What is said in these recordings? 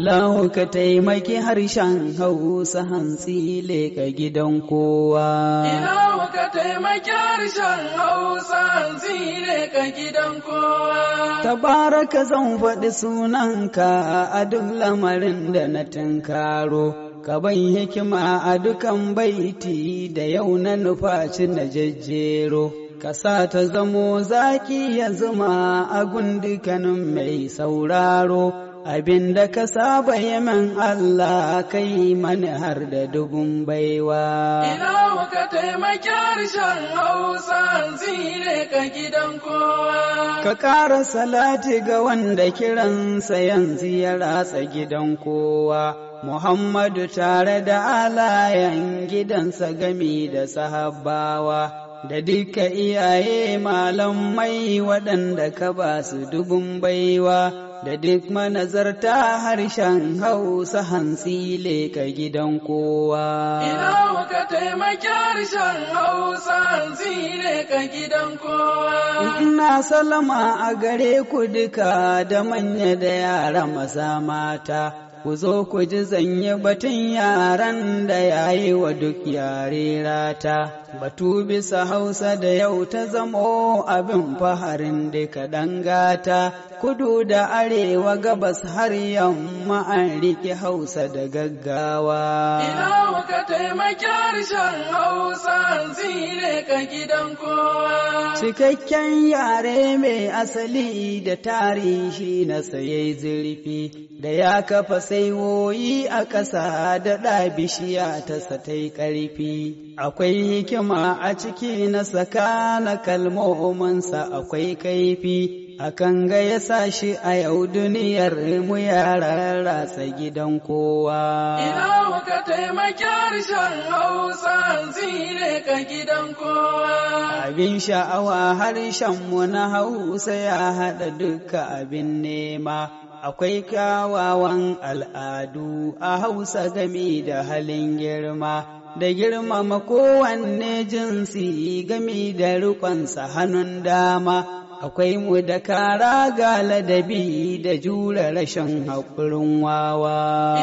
Allahu ka taimaki harshen Hausa hantsi leka gidan kowa. Allahu ka taimaki harshen Hausa hantsi leka gidan kowa. Tabaraka zan faɗi sunanka a duk lamarin da na tunkaro. ka ban hikima a dukan baiti da yau na nufaci na jejjero ka sa ta zamo zaki ya zuma a gundukanin mai sauraro abin da ka saba yaman Allah kai mani har da dubun baiwa. Ina ka taimaki harshen Hausa zire ka gidan kowa. Ka ƙara salati ga wanda kiransa yanzu ya ratsa gidan kowa. Muhammadu tare da alayan gidansa gami da sahabbawa. da duka iyaye malamai waɗanda ka ba su dubun baiwa da duk manazarta harshen hausa hantsi leka gidan kowa. Ina muka taimaki harshen hausa hantsi ka gidan kowa. Ina salama a gare ku duka da manya da yara maza mata. ku zo ku ji zanye batun yaran da yayi wa duk yare rata batu bisa hausa da yau ta zamo abin faharin da kaɗan gata kudu da arewa gabas har yamma an riƙe hausa da gaggawa ina ka taimaki harshen hausa zire ka gidan kowa cikakken yare mai asali da tarihi na saye zurfi da ya kafa saiwoyi a ƙasa da ɗa bishiya ta satai ƙarfi, akwai hikima a ciki na saka na kalmomansa akwai kaifi. akan ga ya sa shi a yau duniyar mu ya rasa gidan kowa. Ina ka taimaki harshen Hausa zire ka gidan kowa. Abin sha'awa harshen mu na Hausa ya haɗa duka abin nema. Akwai kyawawan al'adu a Hausa gami da halin girma. da girmama kowanne jinsi gami da rikonsa hannun dama akwai mu da kara ga ladabi da jure rashin haƙurin wawa.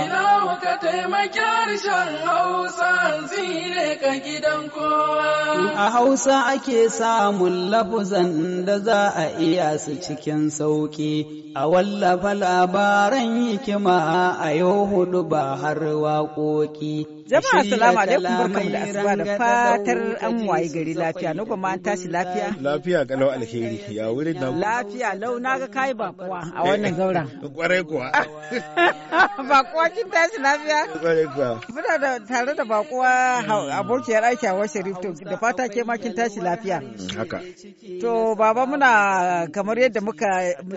mataimakiyar shan hausa zire ka gidan kowa. A hausa ake samun lafuzan da za a iya su cikin sauƙi, a wallafa labaran hikima a yau hudu ba har waƙoƙi. Jama'a salama alaikum barkamu da asuba da fatar an waye gari lafiya no ma an tashi lafiya lafiya lau alheri ya wuri da lafiya lau na ga kai bakuwa a wannan zaura kwarai kuwa bakuwa kin tashi lafiya lafiya? Muna da tare da bakuwa abokiyar aiki a wasu to da fata ke makin tashi lafiya. Mm, haka. To baba muna kamar yadda muka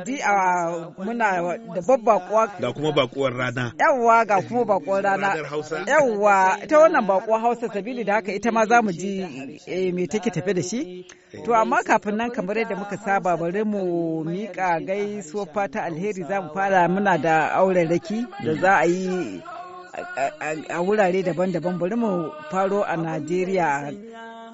ji a muna da bakuwa. Ga kuma bakuwar rana. Yawwa ga kuma bakuwar rana. Yawwa ta wannan bakuwar Hausa sabili da haka ita ma za mu ji eh, me take tafe da shi. To amma kafin nan kamar yadda muka saba bari mu miƙa gaisuwar fata alheri za mu fara muna da auren raki da za a yi a wurare daban-daban bari mu faro a najeriya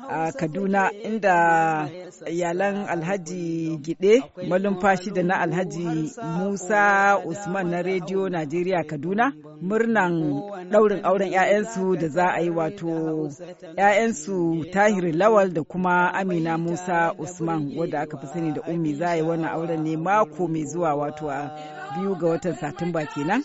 a kaduna inda iyalan alhaji gide malumfashi da na alhaji musa usman na rediyo najeriya kaduna murnan daurin auren 'ya'yansu da za a yi wato 'ya'yansu tahir lawal da kuma amina musa usman wadda aka fi sani da ummi za a yi wannan auren ne mako mai zuwa wato a biyu ga watan satumba kenan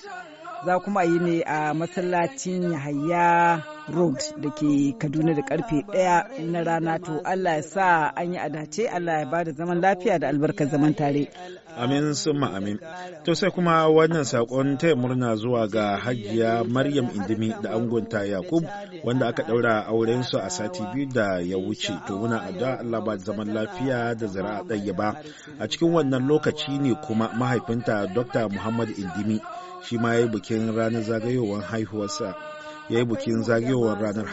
za kuma yi ne a masallacin Yahaya Road da ke Kaduna da karfe ɗaya na rana to Allah ya sa an yi adace Allah ya bada zaman lafiya da albarkar zaman tare. Amin summa amin. To sai kuma wannan sakon taya murna zuwa ga Hajiya Maryam Indimi da angonta Yakub wanda aka ɗaura auren su a sati biyu da ya wuce. To muna addu'a Allah ba zaman lafiya da zara'a ɗaya ba. A cikin wannan lokaci ne kuma mahaifinta Dr. Muhammad Indimi shi ma ya yi bikin ranar zagayowar haihuwarsa ya yi bikin zagayowar ranar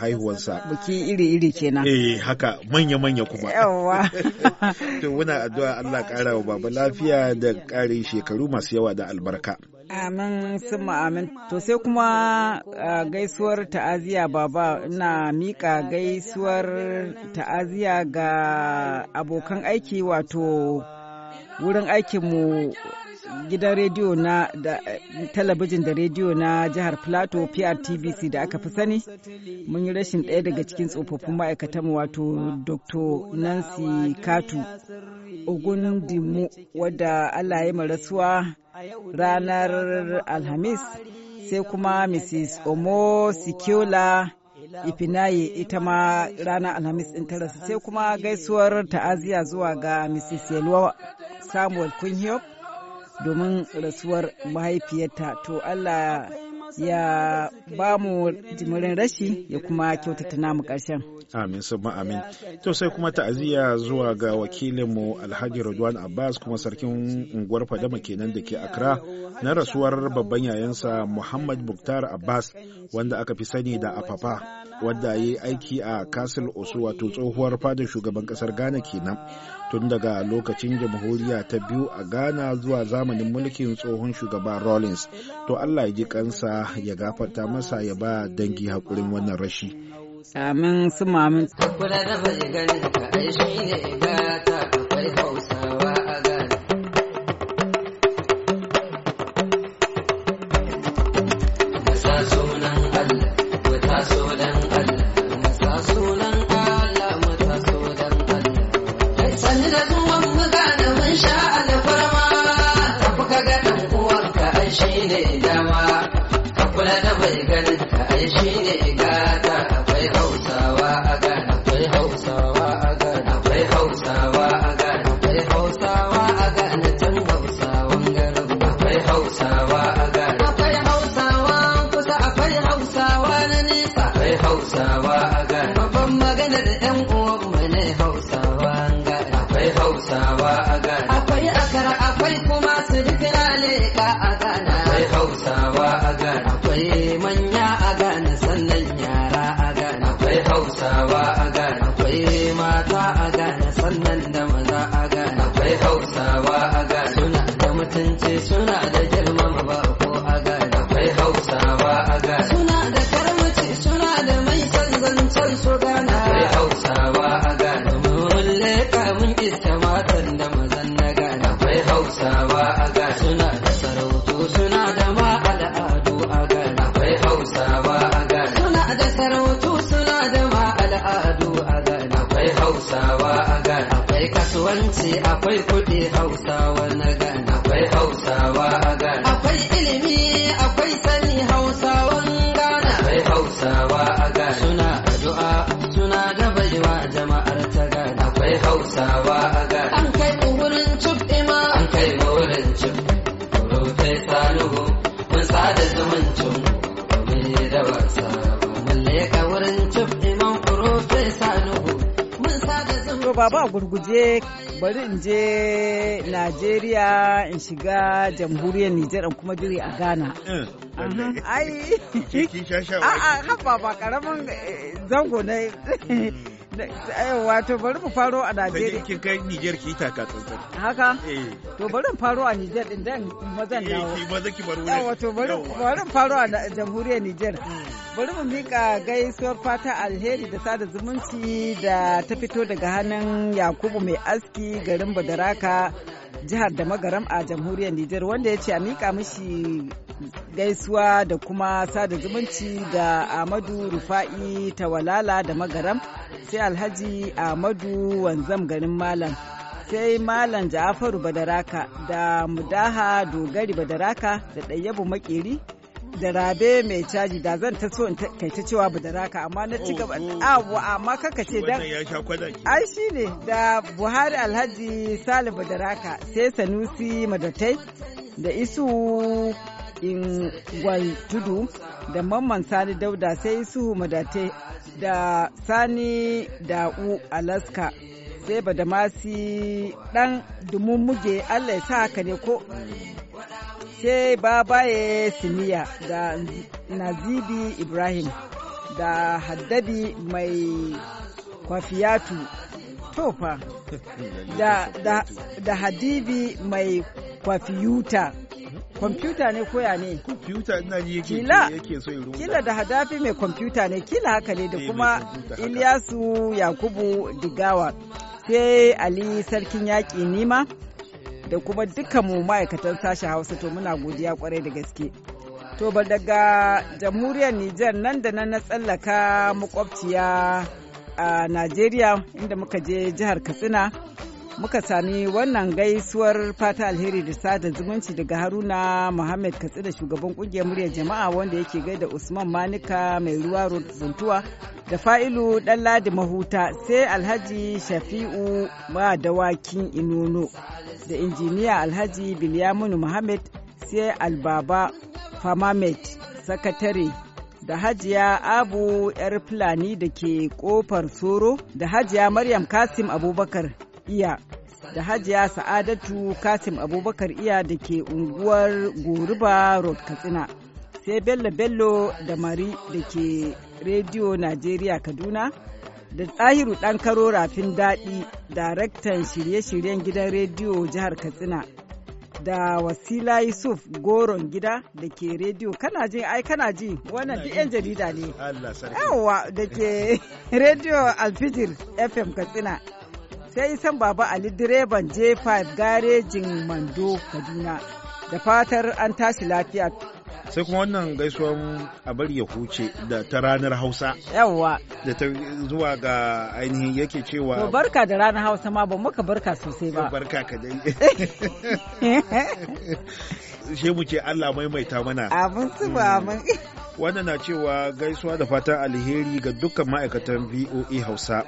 haihuwarsa biki iri-iri kenan eh haka manya-manya kuma yawa to muna addu'a Allah ƙara wa baba lafiya da ƙarin shekaru masu yawa da albarka Amin sun amin. To sai kuma gaisuwar ta'aziya baba na mika gaisuwar ta'aziya ga abokan aiki wato wurin aikinmu gidan rediyo na talabijin da rediyo na jihar plateau prtbc da aka fi sani mun yi rashin ɗaya daga cikin tsofaffin ma'aikatan wato dr nancy katu ogun dimu wadda allah ya rasuwa ranar alhamis sai kuma mrs omo sikiola ifinaye ita ma ranar alhamis ɗin tarasa sai kuma gaisuwar ta'aziyya zuwa ga mrs yelwa samuel kunhiyop domin rasuwar mahaifiyarta to Allah ya ba mu jimirin rashi ya kuma kyautata namu ƙarshen. Amin sabon amin. To sai kuma ta'aziyya zuwa ga wakilinmu Alhaji Rodwan Abbas kuma sarkin unguwar Fadama kenan da ke Accra na rasuwar babban yayansa Muhammad Muktar Abbas wanda aka fi sani da Apapa. wadda ya yi aiki a Castle Osu wato tsohuwar fadar shugaban kasar Ghana kenan tun daga lokacin jamhuriya ta biyu a Ghana zuwa zamanin mulkin tsohon shugaba Rawlings. To Allah ya ji kansa ya gafarta masa ya ba dangi hakurin wannan rashi. Amin su mamin. da ne dama kula da bai ganin ka ai shi Hausawanci akwai kuɗi Hausawa na gana. Akwai Hausawa a gana. Akwai ilimi akwai sani Hausawan gana. Akwai Hausawa a gana. Suna addu'a suna da baiwa jama'ar ta gana. Akwai Hausawa baba a gurguje bari in je Najeriya in shiga jamhuriyar Nijar in kuma jiri a Ghana. Eh, ai, a'a, ba karamin eh, zango na Eh, wato bari mu faro a Najeriya. Kin kai Niger ki ta tsantsan. Haka? Eh. To bari mu faro a Niger din dan mazan eh, dawo. Eh maza ki bar wurin. Wato bari bari mu faro a Jamhuriyar Niger. Hmm. Bari mu mika gaisuwar fata alheri da sada zumunci da ta fito daga hannun Yakubu mai aski garin Badaraka jihar da magaram a jamhuriyar Nijar wanda ya ce a mika mishi gaisuwa da kuma sada zumunci ga Amadu Rufa'i Tawalala da Magaram sai Alhaji Amadu Wanzam garin Malam sai Malam Ja'afaru Badaraka da Mudaha Dogari Badaraka da Ɗayyabu Makeri da rabe mai caji da zan ta so kai ta cewa budaraka amma na ci gaba abu ah, amma kaka ce dan ai ne da Buhari Alhaji Salim Badaraka sai Sanusi Madatai da Isu Ingwal Tudu da Mamman Sani Dauda sai Suhu Madate da Sani Da'u Alaska sai Badamasi ɗan muge Allah ya sa haka ne ko sai Babaye Siniya da Nazibi Ibrahim da Haddadi mai kwafiyatu tofa da, da, da hadibi mai kwafiyuta kwamfuta ne koya ne kwamfuta ina ji yake yake so irin kila da hadafi mai kwamfuta ne kila haka ne da eh, kuma Ilyasu Yakubu Digawa sai Ali sarkin yaƙi nima da kuma dukkan mu ma'aikatan sashen Hausa to muna godiya kwarai da gaske to ba daga jamhuriyar Nijar nan da nan na tsallaka makwabciya a Najeriya inda muka je jihar Katsina muka sami wannan gaisuwar fata alheri da sada zumunci daga haruna muhammad Da shugaban kungiyar muryar jama'a wanda yake gaida usman manika mai ruwa zuntuwa da fa'ilu dan ladi mahuta sai alhaji shafi'u ma dawakin inono da injiniya alhaji bilyaminu muhammad sai albaba famamet sakatare da hajiya abu yar fulani da ke kofar soro da hajiya maryam kasim abubakar iya da hajiya sa'adatu kasim abubakar iya da ke unguwar goruba road katsina sai bello bello da mari da ke rediyo najeriya kaduna da tsahiru ɗan karo rafin daɗi daraktan shirye-shiryen gidan rediyo jihar katsina da wasila yusuf goron gida da ke rediyo kana ji ai kana ji wannan duk yan jarida ne yawwa da ke rediyo alfijir fm katsina sai san baba Ali direban J5 garejin Mando Kaduna da fatar an tashi lafiya. sai kuma wannan gaisuwan a bari ya huce da ta ranar hausa yawwa da ta zuwa ga ainihin yake cewa ba barka da ranar hausa ma ba muka barka sosai ba barka ka dai she mu ce Allah maimaita mana abin su ba hmm. amin wannan na cewa gaisuwa da fatan alheri ga dukkan ma'aikatan VOA e Hausa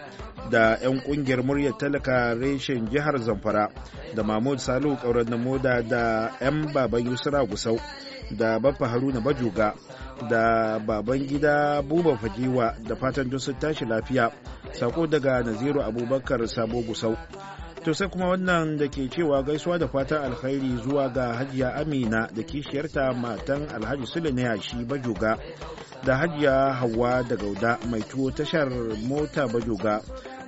da 'yan kungiyar muryar talaka reshen jihar zamfara da mahmud salihu kauran na moda da 'yan baban yusra gusau da baffa haruna bajuga da baban gida buba fajiwa da fatan duk sun tashi lafiya sako daga naziru abubakar sabo gusau to sai kuma wannan da ke cewa gaisuwa da fatan alkhairi zuwa ga hajiya amina da kishiyarta matan alhaji sule na yashi bajoga da hajiya hawa da gauda mai tuwo tashar mota bajoga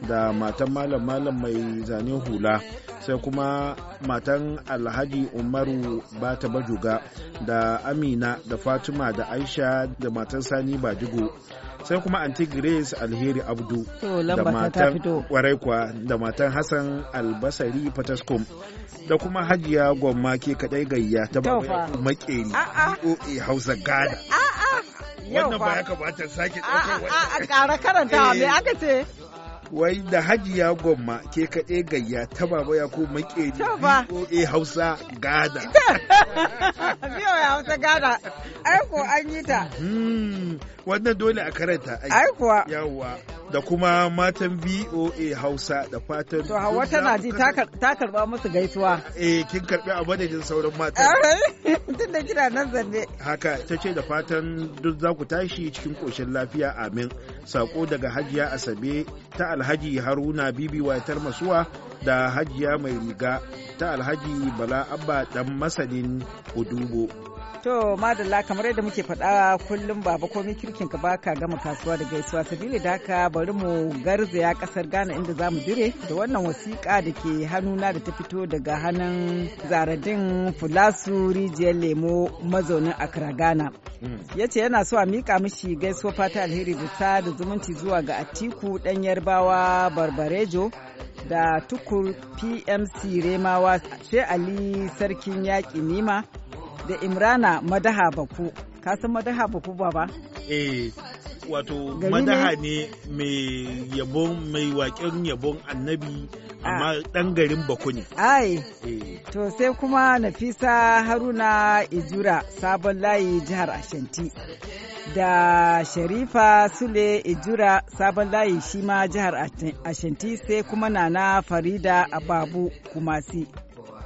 da matan malam malam mai zane hula sai kuma matan alhaji umaru bata bajuga da amina da fatima da aisha da matan sani bajigo sai kuma anti grace alheri abdu da matan kwaraikwa da matan hassan albasari fataskum da kuma hajiya gwamma ke kadai gayya ta baba makeri ah, ah. oa hausa gada ah, wannan ba ya kamata sake ɗaukar wani a ƙara karanta eh. me aka ce wai da hajiya gwamma ke kaɗe gayya ta baba ya ko ne voa hausa gada voa hausa gada aiko an yi ta hmm, wannan dole a karanta aiko yawwa da kuma matan VOA Hausa da fatan. To Hauwa tana ji ta karba musu gaisuwa. Eh kin karbi a madadin sauran matan. Tun da kina nan zanne. Haka ta ce da fatan duk za ku tashi cikin koshin lafiya amin. Sako daga Hajiya Asabe ta Alhaji Haruna Bibi Wayatar Masuwa da Hajiya Mai Riga ta Alhaji Bala Abba dan masanin Udubo. To madalla kamar yadda muke faɗa kullum baba komai kirkin ka baka gama kasuwa da gaisuwa sabida da haka bari mu garzaya kasar Ghana inda zamu mu dire da wannan wasiƙa da ke hannuna da ta fito daga hannun zaradin Fulasu rijiyar lemo mazaunin Accra Ghana. Mm. Ya ce yana so a miƙa mishi gaisuwa fata alheri da sa da zumunci zuwa ga Atiku ɗan Yarbawa Barbarejo da tukur PMC Remawa sai Ali Sarkin Yaƙi Nima. da Imrana Madaha Baku. Ka san Madaha Baku baba? Eh, wato Madaha ne mai yabon mai waƙen yabon annabi amma ah. ɗan garin Baku ne. Ai, eh. to sai kuma Nafisa Haruna Ijura sabon layi jihar Ashanti. da Sharifa Sule Ijura sabon layi shi ma jihar Ashanti sai kuma Nana Farida Ababu Kumasi.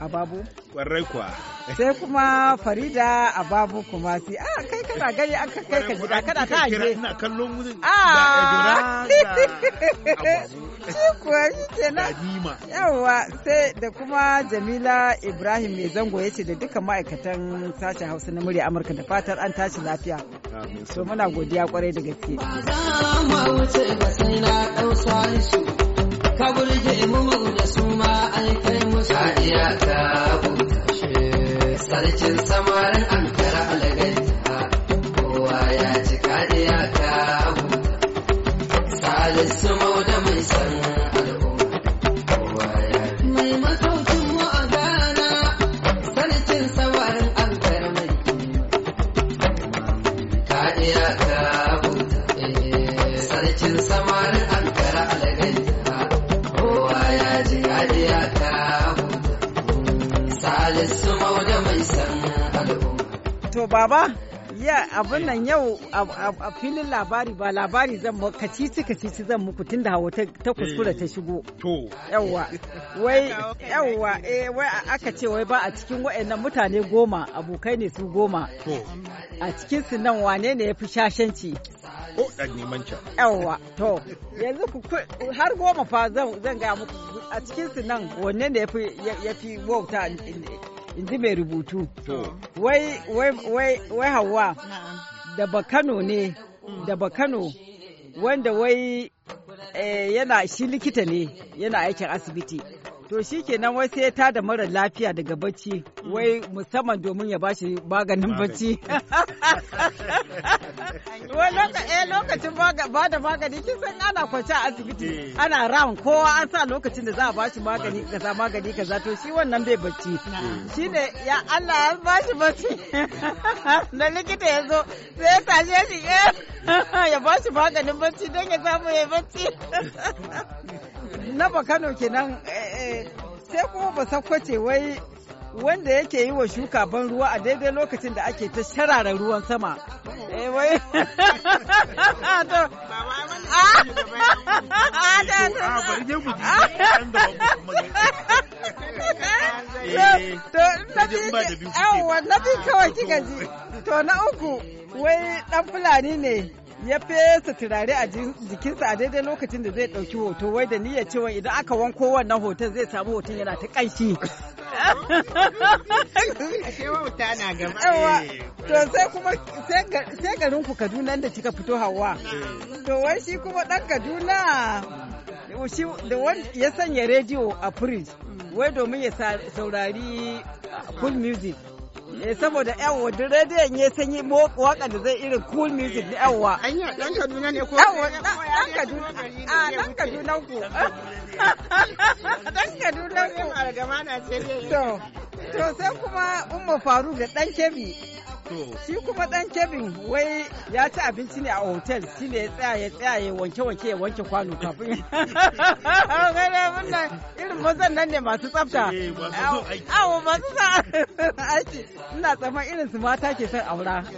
Ababu? Kwarai kuwa. Sai kuma Farida a babu kuma si. A ah, kai kana gani an kai ka gida kana ta hange. Ina kallon wurin da ah! Edura Shi kuwa Yawwa sai da kuma Jamila Ibrahim mai zango ya ce da duka ma'aikatan sashen Hausa na murya Amurka da fatar an tashi lafiya. So, muna godiya kwarai da gaske. Ba za mu wuce ba sai na shi. ka burge mu da suma ma kai musu. Sadiya ta bushe, sarkin samarin an kara baba ya abin nan yau a filin labari ba labari zan mu kacici kacici zan muku tunda hawa ta kuskura ta eh, shigo to yawa wai yawa eh wai aka ce wai ba a cikin wayannan mutane goma abokai ne su goma to a cikin su nan wane ne yafi shashanci o oh, dan neman can yawa to yanzu ku har goma fa zan ga muku a cikin su nan wanne ne yafi yafi wauta in ji mai rubutu wai wai hawa da bakano ne da bakano wanda wai eh, yana shi likita ne yana aikin asibiti to shi kenan wai sai ta da mara lafiya daga bacci wai musamman domin ya bashi maganin bacci eh, lokacin ba da magani kin san ana kwace a asibiti eh. ana ran kowa an sa lokacin da za a bashi magani kaza magani kaza to shi wannan bai bacci eh. shi ne ya Allah ya bashi bacci na likita ya zo sai ya tashe shi ya bashi maganin bacci don ya samu ya bacci na bakano kenan Eh, sai kuma ba sakwace wai wanda yake yi wa shuka ban ruwa a daidai lokacin da ake ta sharara ruwan sama. wai. To na uku wai ɗan Fulani ne ya fesa turare a jikinsa a daidai lokacin da zai ɗauki hoto wai da niyyar cewa idan aka wanko wannan hoton zai samu hoton yana ta ƙanshi. To sai kuma sai garin ku Kaduna da kika fito hawa. To wai shi kuma ɗan Kaduna da wani ya sanya rediyo a firij wai domin ya saurari full music. eh saboda yawa da rediyon ya sanyi waka da zai irin cool music da yawa anya dan kaduna ne ko yawa dan kaduna a ah, dan kaduna ku dan kaduna ku algama na ce to to sai kuma umma faru da dan kebi Shi kuma dan kebin wai ya ci abinci ne a hotel shi ne ya tsaya ya tsaya ya wanke wanke ya wanke kwano kafin. Irin mazan nan ne masu tsafta. Awo eh, masu sa aiki. Ina tsaman irin su mata ke son aura.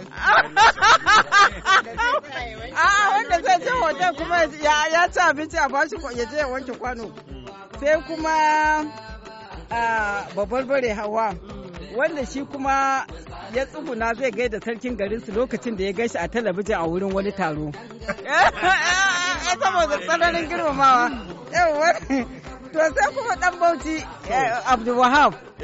A wanda zai je hotel kuma ya ci abinci a bashi ya je ya wanke kwano. Sai kuma ah, babbar bare hawa. wanda shi kuma ya tsuguna zai gaida sarkin garinsu lokacin da ya gaishe a talabijin a wurin wani taro eh, eh, eh, saboda tsananin girmamawa To sai kuma dan Bauchi eh, Abdul Wahab.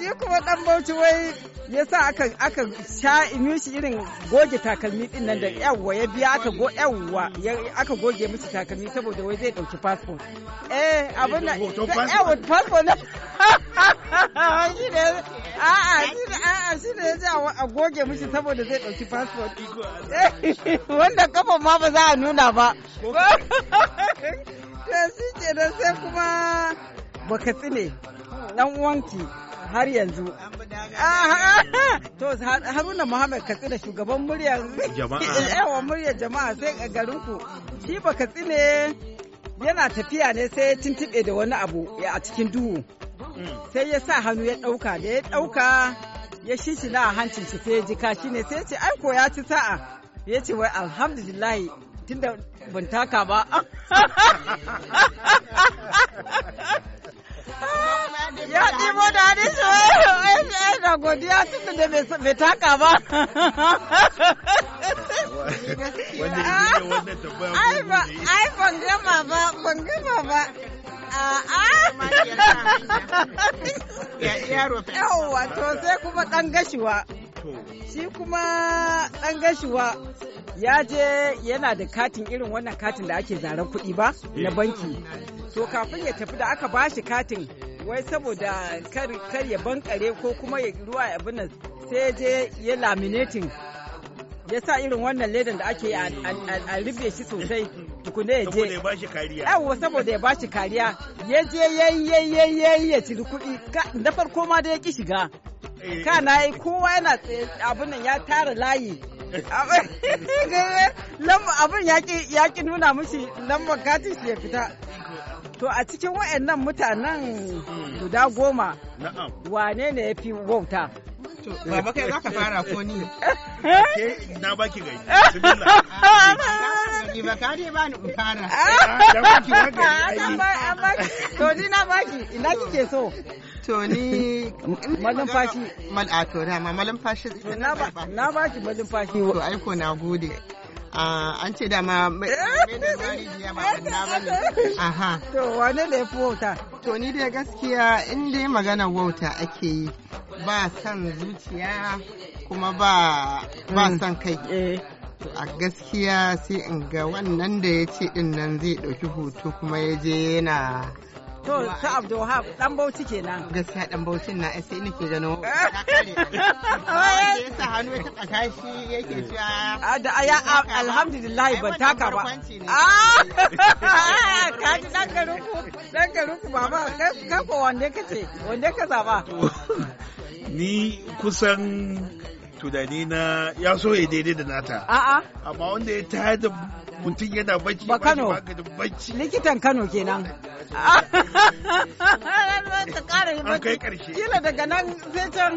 Shi kuma dan Bauchi wai ya sa aka aka sha shi irin goge takalmi din nan da eh. yawwa ya biya aka go yawwa aka goge mishi takalmi saboda wai zai dauki passport eh abin da yawwa eh, passport na shi ne a'a shi ne shi ne ya a goge mishi saboda zai dauki passport wanda kafa ma ba za a nuna ba to ke sai kuma baka tsine dan uwanki har yanzu to haruna muhammad katsina shugaban muryar jama'a muryar jama'a sai garinku shi baka tsine yana tafiya ne sai ya tuntube da wani abu a cikin duhu sai ya sa hannu ya ɗauka da ya ɗauka ya shishina a hancin shi sai ya ji kashi ne sai ya ce ai ko ya ci sa'a ya ce wai alhamdulillahi tunda ban taka ba ya ɗibo da hannun shi wai na godiya tunda da bai taka ba ai ban gama ba ban gama ba yawwa to sai kuma ɗan gashiwa shi kuma ɗan gashiwa ya je yana da katin irin wannan katin da ake zaren kuɗi ba na eh. banki to kafin ya tafi da aka ba shi katin wai saboda kar ya bankare ko kuma ya ruwa abin nan sai je ya laminating ya sa irin wannan ledan da ake a rufe shi sosai tukune ya je yawa saboda ya bashi kariya ya je yayi yayi yayi ya ciri kuɗi na farko ma da ya ki shiga kana kowa yana abin ya tara layi abin ya ki nuna mushi lambar katin ya fita to a cikin wayannan mutanen guda goma wane ne ya fi wauta Baba kai za fara ko ni? Na baki gai. Ni ba kare ba ni fara. Na baki na gari. To ni na baki ina kike so. to ni malumfashi mal a to dama malumfashi na ba ki malumfashi to aiko na gode an ce dama mai aha to wane da ya fi wauta to ni da gaskiya in dai magana wauta ake yi ba san zuciya kuma ba ba mm. san kai eh. a gaskiya sai in ga wannan da ya ce din nan zai ɗauki hoto kuma ya je yana To ta Abdulwahab dan Bauchi kenan. Gaskiya dan Bauchin na sai nake gano. Yasa hannu ta tsaka shi yake cewa. Da aya alhamdulillah ban taka ba. Ah! Ka ji dan garuku dan garuku baba ka ko wanda kace wanda ka zaba. Ni kusan tunani na ya so ya daidai da nata a'a amma wanda ya tayar da mutum yana bacci ba Kano likitan Kano kenan ka kara yi bacci karshe kila daga nan zai can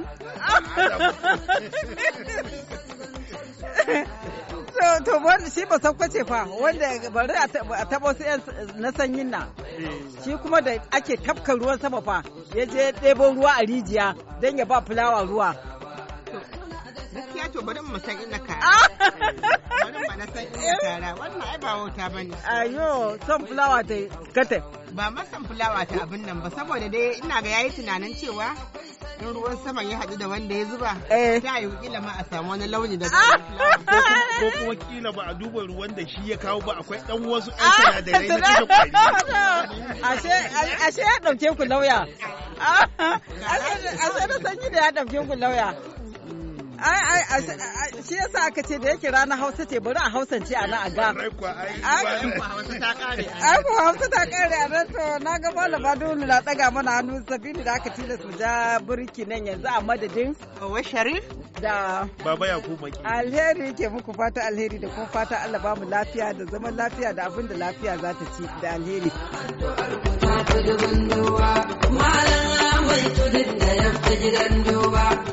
to wanda shi ba ce fa wanda bari a tabo na sanyin nan shi kuma da ake tafka ruwan sama fa ya je ɗebo ruwa a rijiya don ya ba fulawa ruwa to bari mu san ina kara. Bari mu na san ina kara. Wannan ai ba wauta bane. Ayo, son fulawa ta kata. Ba ma son fulawa ta abin nan ba saboda dai ina ga yayi tunanin cewa in ruwan sama ya haɗu da wanda ya zuba. Ta eh. yi kila ma a samu wani launi da ko kuma kila ba a duba ruwan da shi ya kawo ba akwai dan wasu ɗan sinadarai na cikin kwari. Ashe ya ɗauke ku lauya. Ashe na sanyi da ya ɗauke ku lauya. ai ai shi yasa aka ce da yake rana Hausa ce bari a Hausance a nan a ga. Ai kuwa Hausa ta kare. Ai Hausa ta a nan to na ga malama dole na daga mana hannu sabini da aka tilas mu ja burki nan yanzu a madadin. Wa Sharif. Da. Baba Yakubu Alheri ke muku fata alheri da kuma fata Allah ba mu lafiya da zaman lafiya da abin da lafiya za ta ci da alheri. Malam mai tudin da ya fi gidan duba.